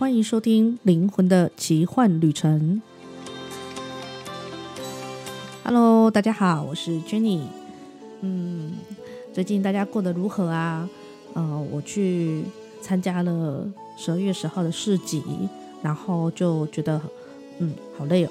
歡迎收聽《靈魂的奇幻旅程》。Hello，大家好，我是 Jannie。嗯，最近大家過得如何啊？呃，我去參加了十二月十號的市集，然後就覺得嗯，好累哦。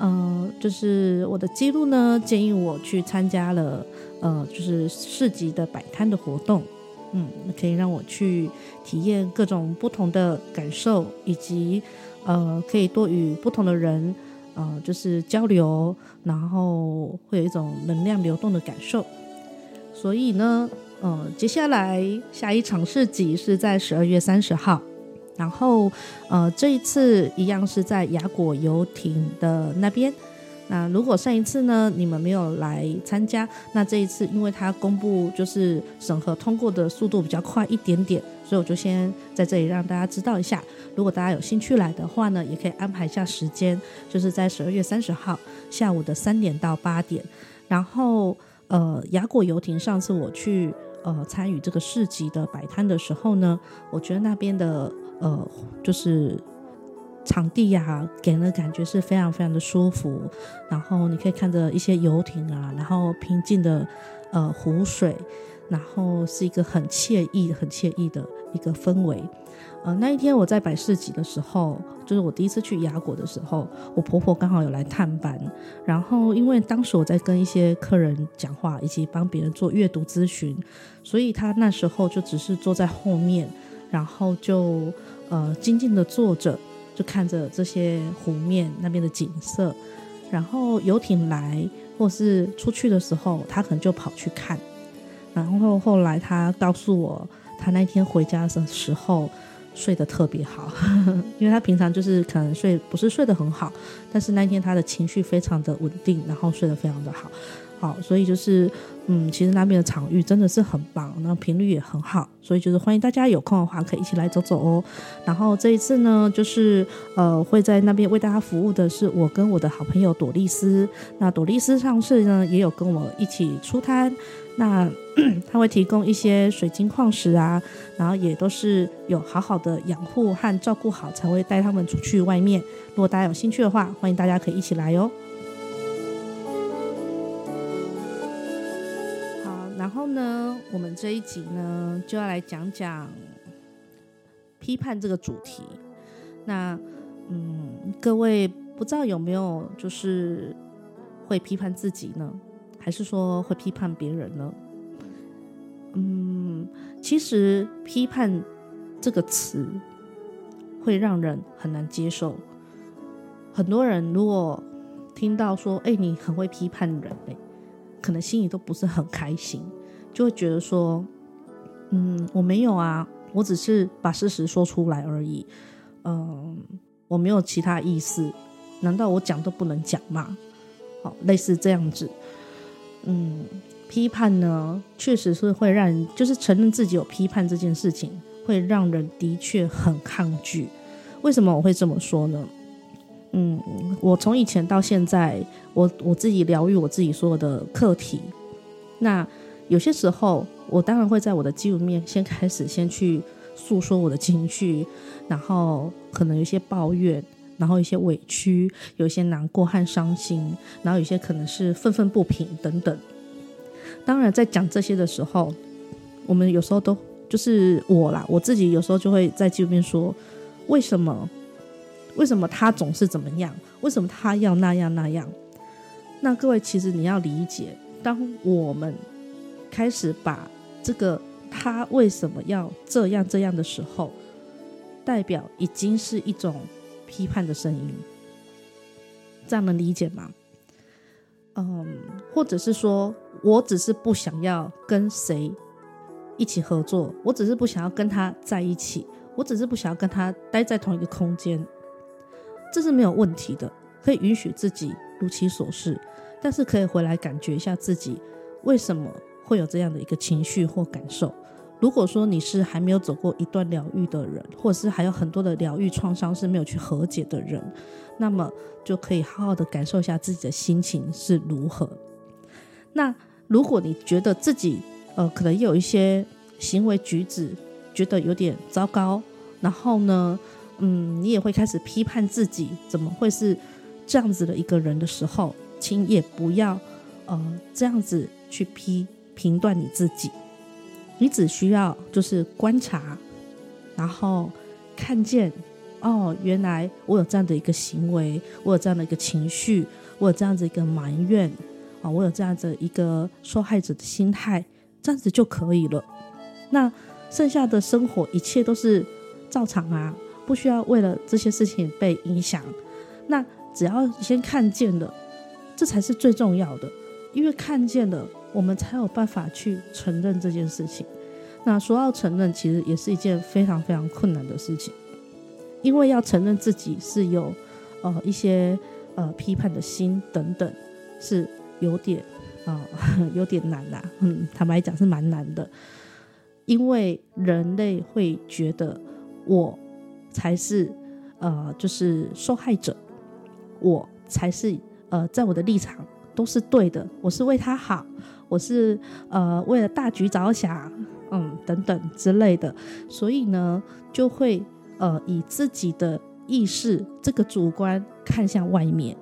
嗯、 呃，就是我的記錄呢，建議我去參加了呃，就是市集的擺攤的活動。嗯，可以讓我去體驗各種不同的感受，以及呃，可以多與不同的人，呃，就是交流，然後會有一種能量流動的感受。所以呢，呃，接下來下一場市集是在十二月三十號，然後呃，這一次一樣是在亞果遊艇的那邊。那如果上一次呢，你們沒有來參加，那這一次因為它公布就是審核通過的速度比較快一點點，所以我就先在這裡讓大家知道一下。如果大家有興趣來的話呢，也可以安排一下時間，就是在十二月三十號下午的三點到八點。然後呃，亞果遊艇上次我去呃參與這個市集的擺攤的時候呢，我覺得那邊的呃就是。場地呀、啊，給人的感覺是非常非常的舒服。然後你可以看着一些遊艇啊，然後平靜的呃湖水，然後是一個很愜意、很愜意的一個氛圍。呃，那一天我在擺市集的時候，就是我第一次去亞果的時候，我婆婆剛好有來探班。然後因為當時我在跟一些客人講話，以及幫別人做閱讀諮詢，所以她那時候就只是坐在後面，然後就呃靜靜的坐着。就看着這些湖面那邊的景色，然後遊艇來或是出去的時候，他可能就跑去看。然後後來他告訴我，他那天回家的時候睡得特別好， 因為他平常就是可能睡不是睡得很好，但是那天他的情緒非常的穩定，然後睡得非常的好。好，所以就是，嗯，其實那邊的場域真的是很棒，那頻率也很好，所以就是歡迎大家有空的話可以一起來走走哦。然後這一次呢，就是呃會在那邊為大家服務的是我跟我的好朋友朵麗絲。那朵麗絲上次呢也有跟我一起出攤，那她 會提供一些水晶礦石啊，然後也都是有好好的養護和照顧好，才會帶他們出去外面。如果大家有興趣的話，歡迎大家可以一起來哦。呢，我們這一集呢就要來講講批判這個主題。那，嗯，各位不知道有沒有就是會批判自己呢？還是說會批判別人呢？嗯，其實“批判”這個詞會讓人很難接受。很多人如果聽到說“哎、欸，你很會批判人欸”，哎，可能心裡都不是很開心。就會覺得說，嗯，我沒有啊，我只是把事實說出來而已，嗯，我沒有其他意思，難道我講都不能講嗎？好，類似這樣子，嗯，批判呢，確實是會讓人，就是承認自己有批判這件事情，會讓人的確很抗拒。為什麼我會這麼說呢？嗯，我從以前到現在，我我自己療癒我自己所有的課題，那。有些時候，我當然會在我的記錄面先開始，先去訴說我的情緒，然後可能有一些抱怨，然後一些委屈，有一些難過和傷心，然後有些可能是憤憤不平等等。當然，在講這些的時候，我們有時候都就是我啦，我自己有時候就會在記錄面說，為什麼，為什麼他總是怎麼樣？為什麼他要那樣那樣？那各位，其實你要理解，當我們。開始把這個他為什麼要這樣這樣的時候，代表已經是一種批判的聲音，這樣能理解嗎？嗯，或者是說我只是不想要跟誰一起合作，我只是不想要跟他在一起，我只是不想要跟他待在同一個空間，這是沒有問題的，可以允許自己如其所是，但是可以回來感覺一下自己為什麼。會有這樣的一個情緒或感受。如果說你是還沒有走過一段療癒的人，或者是還有很多的療癒創傷是沒有去和解的人，那麼就可以好好的感受一下自己的心情是如何。那如果你覺得自己呃可能有一些行為舉止覺得有點糟糕，然後呢，嗯，你也會開始批判自己怎麼會是這樣子的一個人的時候，請也不要呃這樣子去批。評斷你自己，你只需要就是觀察，然後看見哦，原來我有這樣的一個行為，我有這樣的一個情緒，我有這樣子一個埋怨啊、哦，我有這樣子一個受害者的心態，這樣子就可以了。那剩下的生活一切都是照常啊，不需要為了這些事情被影響。那只要先看見了，這才是最重要的，因為看見了。我們才有辦法去承認這件事情。那說要承認，其實也是一件非常非常困難的事情，因為要承認自己是有呃一些呃批判的心等等，是有點啊、呃、有點難、啦、嗯，坦白來講，是蠻難的，因為人類會覺得我才是呃就是受害者，我才是呃在我的立場都是對的，我是為他好。我是呃為了大局着想，嗯，等等之類的，所以呢就會呃以自己的意識這個主觀看向外面。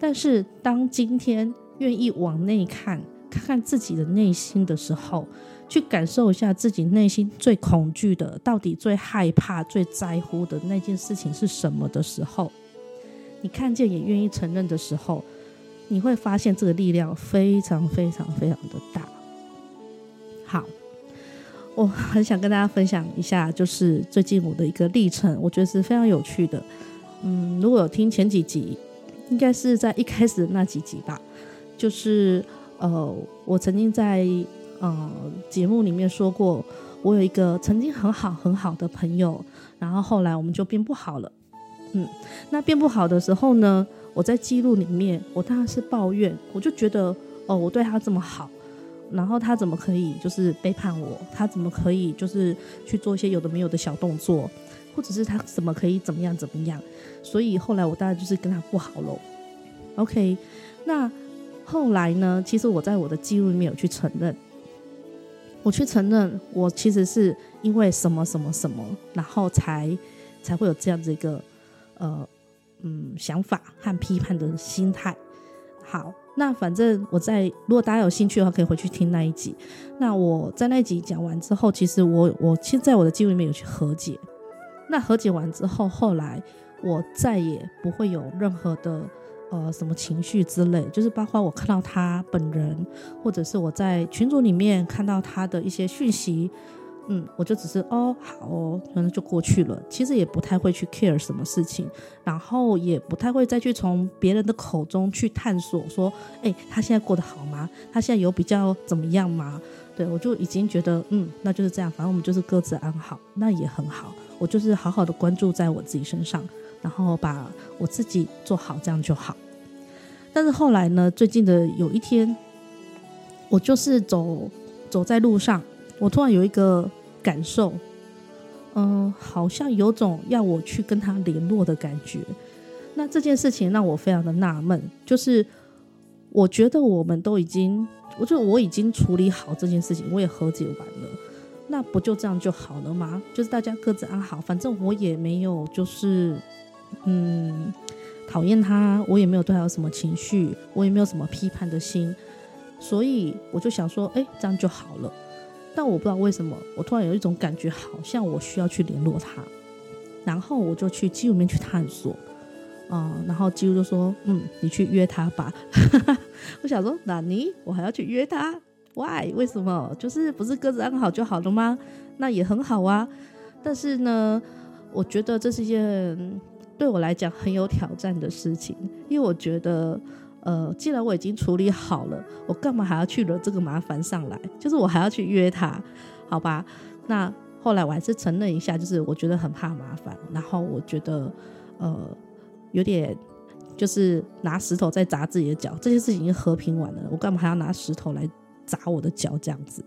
但是當今天願意往內看，看看自己的內心的時候，去感受一下自己內心最恐懼的，到底最害怕、最在乎的那件事情是什麼的時候，你看見也願意承認的時候。你會發現這個力量非常非常非常的大。好，我很想跟大家分享一下，就是最近我的一個歷程，我覺得是非常有趣的。嗯，如果有聽前幾集，應該是在一開始那幾集吧。就是呃，我曾經在呃節目裡面說過，我有一個曾經很好很好的朋友，然後後來我們就變不好了。嗯，那變不好的時候呢？我在記錄裡面，我當然是抱怨，我就覺得哦，我對他這麼好，然後他怎麼可以就是背叛我？他怎麼可以就是去做一些有的沒有的小動作，或者是他怎麼可以怎麼樣怎麼樣？所以後來我當然就是跟他不好嘍。OK，那後來呢？其實我在我的記錄裡面有去承認，我去承認我其實是因為什麼什麼什麼，然後才才會有這樣子一個呃。嗯，想法和批判的心態。好，那反正我在，如果大家有興趣的話，可以回去聽那一集。那我在那一集講完之後，其實我我現在我的記錄裡面有去和解。那和解完之後，後來我再也不會有任何的呃什麼情緒之類，就是包括我看到他本人，或者是我在群組裡面看到他的一些訊息。嗯，我就只是哦，好哦，可能就過去了。其實也不太會去 care 什麼事情，然後也不太會再去從別人的口中去探索說，哎，他現在過得好嗎？他現在有比較怎麼樣嗎？對，我就已經覺得，嗯，那就是這樣，反正我們就是各自安好，那也很好。我就是好好的關注在我自己身上，然後把我自己做好，這樣就好。但是後來呢，最近的有一天，我就是走走在路上。我突然有一個感受，嗯、呃，好像有種要我去跟他聯絡的感覺。那這件事情讓我非常的納悶，就是我覺得我們都已經，我就我已經處理好這件事情，我也和解完了，那不就這樣就好了嗎？就是大家各自安好，反正我也沒有，就是嗯，討厭他，我也沒有對他有什麼情緒，我也沒有什麼批判的心，所以我就想說，哎，這樣就好了。但我不知道為什麼，我突然有一種感覺，好像我需要去聯絡他。然後我就去紀錄裡面去探索，啊、呃，然後紀錄就說：“嗯，你去約他吧。 ”我想說：“納尼，我還要去約他？Why？為什麼？就是不是各自安好就好了嗎？那也很好啊。但是呢，我覺得這是一件對我來講很有挑戰的事情，因為我覺得。”呃，既然我已經處理好了，我幹嘛還要去惹這個麻煩上來？就是我還要去約他，好吧？那後來我還是承認一下，就是我覺得很怕麻煩，然後我覺得呃有點就是拿石頭在砸自己的腳，這些事情已經和平完了，我幹嘛還要拿石頭來砸我的腳這樣子？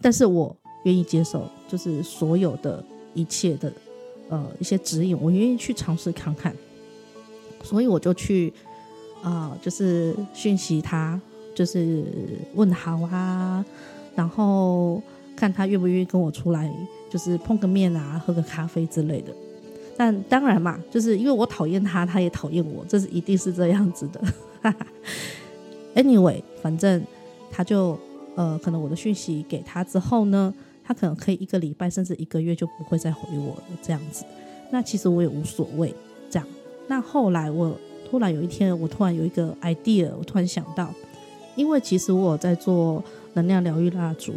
但是我願意接受，就是所有的一切的呃一些指引，我願意去嘗試看看，所以我就去。啊、呃，就是訊息他，就是問好啊，然後看他願不願意跟我出來，就是碰個面啊，喝個咖啡之類的。但當然嘛，就是因為我討厭他，他也討厭我，這是一定是這樣子的。 Anyway，反正他就呃，可能我的訊息給他之後呢，他可能可以一個禮拜甚至一個月就不會再回我了，這樣子。那其實我也無所謂，這樣。那後來我。突然有一天，我突然有一個 idea，我突然想到，因為其實我在做能量療癒蠟燭，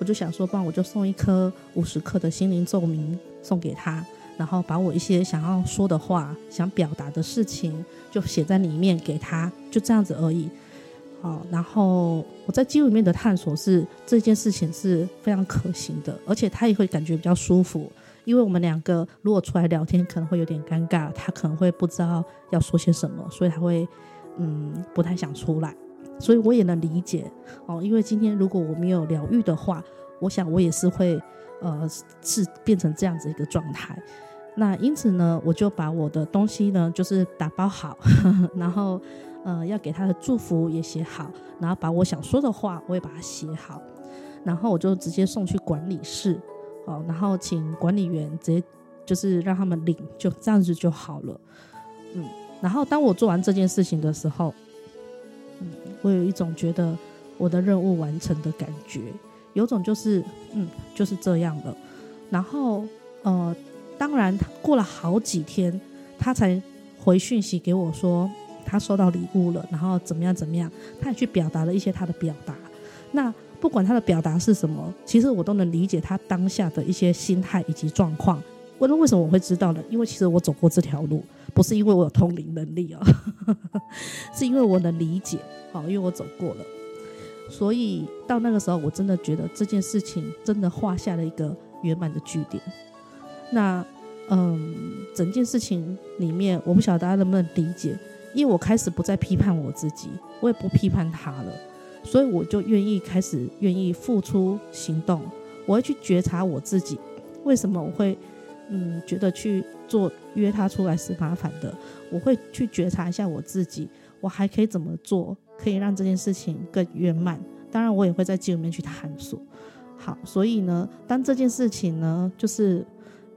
我就想說，不然我就送一顆五十克的心靈奏明送給他，然後把我一些想要說的話、想表達的事情就寫在裡面給他，就這樣子而已。好，然後我在心裡面的探索是這件事情是非常可行的，而且他也會感覺比較舒服。因為我們兩個如果出來聊天，可能會有點尷尬，他可能會不知道要說些什麼，所以他會嗯不太想出來，所以我也能理解哦。因為今天如果我沒有療癒的話，我想我也是會呃是變成這樣子一個狀態。那因此呢，我就把我的東西呢就是打包好，呵呵然後呃要給他的祝福也寫好，然後把我想說的話我也把它寫好，然後我就直接送去管理室。哦，然後請管理員直接就是讓他們領，就這樣子就好了。嗯，然後當我做完這件事情的時候，嗯，我有一種覺得我的任務完成的感覺，有種就是，嗯，就是這樣的。然後呃，當然他過了好幾天，他才回訊息給我說他收到禮物了，然後怎麼樣怎麼樣，他也去表達了一些他的表達。那。不管他的表達是什麼，其實我都能理解他當下的一些心態以及狀況。我那為什麼我會知道呢？因為其實我走過這條路，不是因為我有通靈能力哦，呵呵是因為我能理解，好、哦，因為我走過了。所以到那個時候，我真的覺得這件事情真的畫下了一個圓滿的句點。那嗯，整件事情裡面，我不曉得大家能不能理解，因為我開始不再批判我自己，我也不批判他了。所以我就願意開始，願意付出行動。我會去覺察我自己，為什麼我會嗯覺得去做約他出來是麻煩的？我會去覺察一下我自己，我還可以怎麼做可以讓這件事情更圓滿？當然，我也會在心裡面去探索。好，所以呢，當這件事情呢就是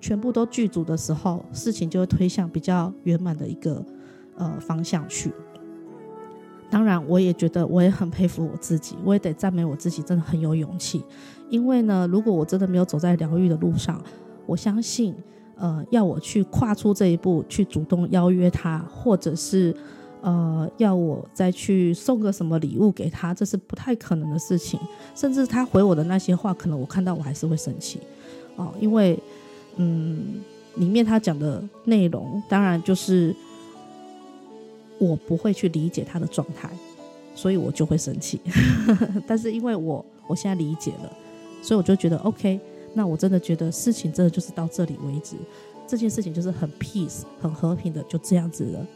全部都具足的時候，事情就會推向比較圓滿的一個呃方向去。當然，我也覺得，我也很佩服我自己，我也得讚美我自己，真的很有勇氣。因為呢，如果我真的沒有走在療癒的路上，我相信，呃，要我去跨出這一步，去主動邀約他，或者是，呃，要我再去送個什麼禮物給他，這是不太可能的事情。甚至他回我的那些話，可能我看到我還是會生氣哦，因為，嗯，裡面他講的內容，當然就是。我不會去理解他的狀態，所以我就會生氣。 但是因為我我現在理解了，所以我就覺得 OK。那我真的覺得事情真的就是到這裡為止，這件事情就是很 peace、很和平的，就這樣子了。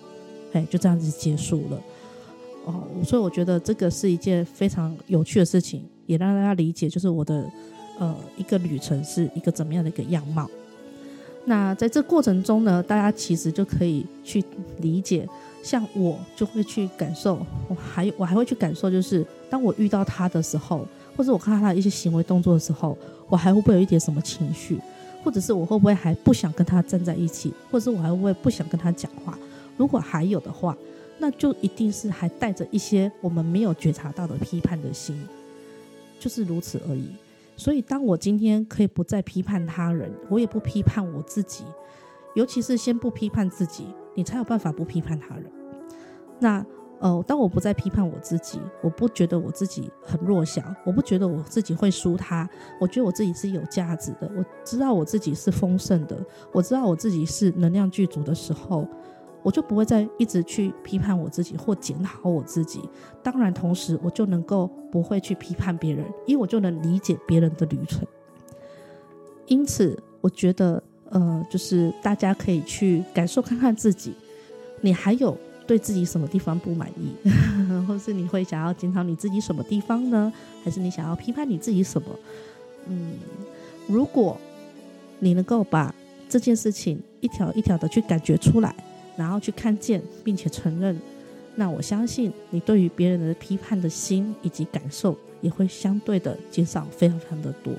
哎，就這樣子結束了。哦，所以我覺得這個是一件非常有趣的事情，也讓大家理解，就是我的呃一個旅程是一個怎麼樣的一個樣貌。那在這過程中呢，大家其實就可以去理解。像我就會去感受，我還我還會去感受，就是當我遇到他的時候，或者我看到他的一些行為動作的時候，我還會不會有一點什麼情緒，或者是我會不會還不想跟他站在一起，或者是我還會不會不想跟他講話？如果還有的話，那就一定是還帶着一些我們沒有覺察到的批判的心，就是如此而已。所以，當我今天可以不再批判他人，我也不批判我自己，尤其是先不批判自己。你才有辦法不批判他人。那呃，當我不再批判我自己，我不覺得我自己很弱小，我不覺得我自己會輸他，我覺得我自己是有價值的。我知道我自己是豐盛的，我知道我自己是能量具足的時候，我就不會再一直去批判我自己或檢討我自己。當然，同時我就能夠不會去批判別人，因為我就能理解別人的旅程。因此，我覺得。呃，就是大家可以去感受看看自己，你還有對自己什麼地方不滿意， 或是你會想要檢討你自己什麼地方呢？還是你想要批判你自己什麼？嗯，如果你能夠把這件事情一條一條的去感覺出來，然後去看見，並且承認，那我相信你對於別人的批判的心以及感受也會相對的減少非常非常的多。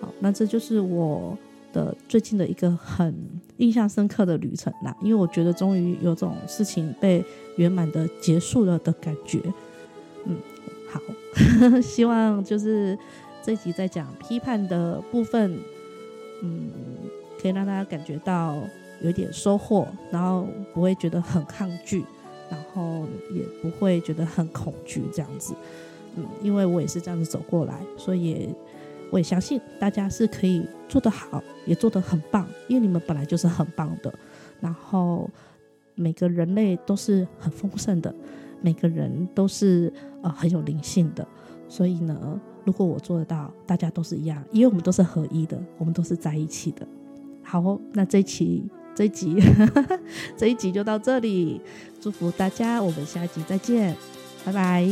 好，那這就是我。的最近的一個很印象深刻的旅程啦，因為我覺得終於有種事情被圓滿的結束了的感覺。嗯，好， 希望就是這集在講批判的部分，嗯，可以讓大家感覺到有點收穫，然後不會覺得很抗拒，然後也不會覺得很恐懼這樣子。嗯，因為我也是這樣子走過來，所以。我也相信大家是可以做得好，也做得很棒，因為你們本來就是很棒的。然後每個人類都是很豐盛的，每個人都是呃很有靈性的。所以呢，如果我做得到，大家都是一樣，因為我們都是合一的，我們都是在一起的。好哦，那這一期這一集呵呵這一集就到這裡，祝福大家，我們下一集再見，拜拜。